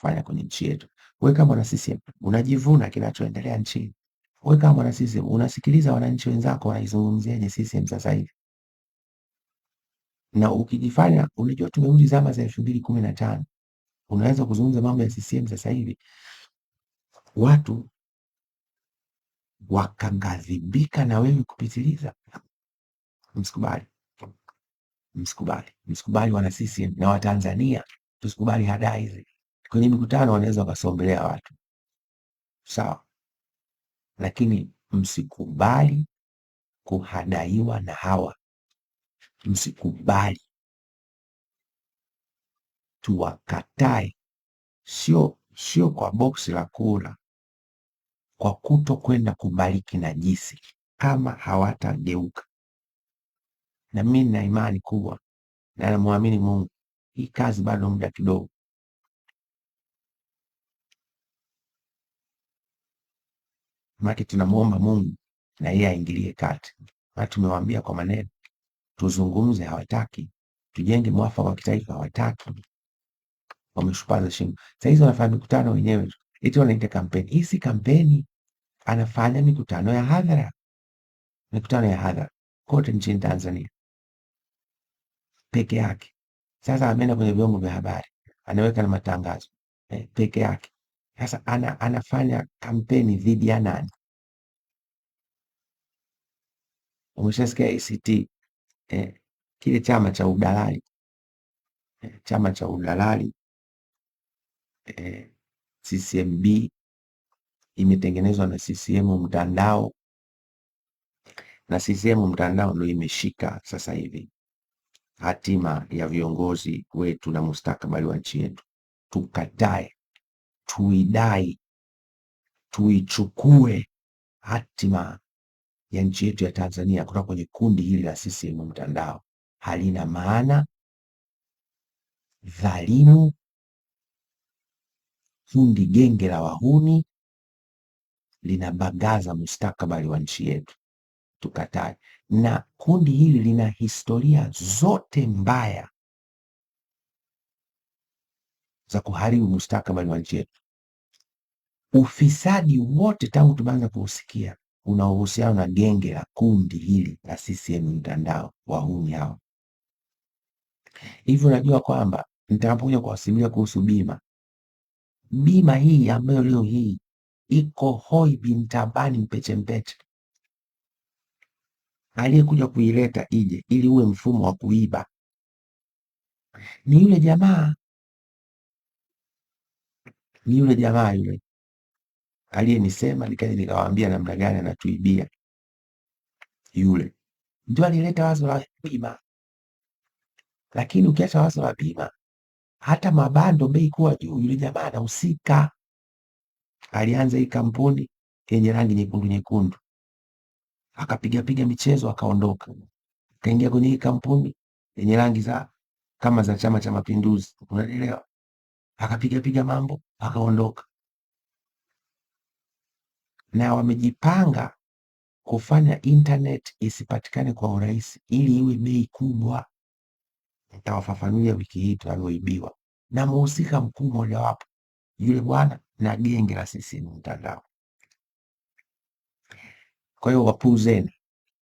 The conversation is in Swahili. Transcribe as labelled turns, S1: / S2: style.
S1: kufanya kwenye nchi yetu. Wewe kama mwana CCM unajivuna kinachoendelea nchini. Wewe kama mwana CCM unasikiliza wananchi wenzako wanaizungumziaje CCM sasa hivi? Na ukijifanya unajua tumerudi zama za elfu mbili kumi na tano unaweza kuzungumza mambo ya CCM sasa hivi, watu wakangadhibika na wewe kupitiliza. Msikubali, msikubali, msikubali wana CCM na Watanzania, tusikubali hadaa hizi kwenye mikutano wanaweza wakasombelea watu sawa, lakini msikubali kuhadaiwa na hawa, msikubali tuwakatae, sio sio kwa boksi la kula, kwa kuto kwenda kubariki jisi kama hawatageuka. Na mimi nina imani kubwa na namwamini Mungu, hii kazi bado muda kidogo, Maana tunamwomba Mungu na yeye aingilie kati. Na tumewaambia kwa maneno, tuzungumze hawataki, tujenge mwafaka wa kitaifa hawataki. Wameshupaza shingo. Sasa hizo wanafanya mikutano wenyewe tu. Eti wanaita kampeni. Hii si kampeni. Anafanya mikutano ya hadhara. Mikutano ya hadhara kote nchini Tanzania peke yake. Sasa ameenda kwenye vyombo vya habari, anaweka na matangazo eh, peke yake. Sasa ana, anafanya kampeni dhidi ya nani? Umeshasikia ACT eh, kile chama cha udalali eh, chama cha udalali eh, CCMB imetengenezwa na CCM mtandao na CCM mtandao ndio imeshika sasa hivi hatima ya viongozi wetu na mustakabali wa nchi yetu. Tukatae tuidai, tuichukue hatima ya nchi yetu ya Tanzania kutoka kwenye kundi hili la CCM mtandao. Halina maana, dhalimu, kundi genge la wahuni, linabagaza mustakabali wa nchi yetu. Tukatae. Na kundi hili lina historia zote mbaya za kuharibu mustakabali wa nchi yetu ufisadi wote tangu tumeanza kuusikia una uhusiano na genge la kundi hili la CCM mtandao, wahuni hao. Hivyo unajua kwamba nitakapokuja kuwasimulia kuhusu bima, bima hii ambayo leo hii iko hoi bin tabani mpeche mpeche, aliyekuja kuileta ije ili uwe mfumo wa kuiba ni yule jamaa, ni yule jamaa yule aliyenisema, nikaja nikawaambia namna gani anatuibia yule. Ndio alileta wazo la bima, lakini ukiacha wazo la bima, hata mabando bei kuwa juu, yule jamaa anahusika. Alianza hii kampuni yenye rangi nyekundu nyekundu, piga michezo, akaondoka, akaingia kwenye hii kampuni yenye rangi za kama za Chama cha Mapinduzi, unaelewa, akapigapiga mambo, akaondoka na wamejipanga kufanya internet isipatikane kwa urahisi ili iwe bei kubwa. Nitawafafanulia wiki hii tunavyoibiwa na mhusika mkuu mojawapo yule bwana na genge la CCM mtandao. Kwa hiyo wapuuzeni,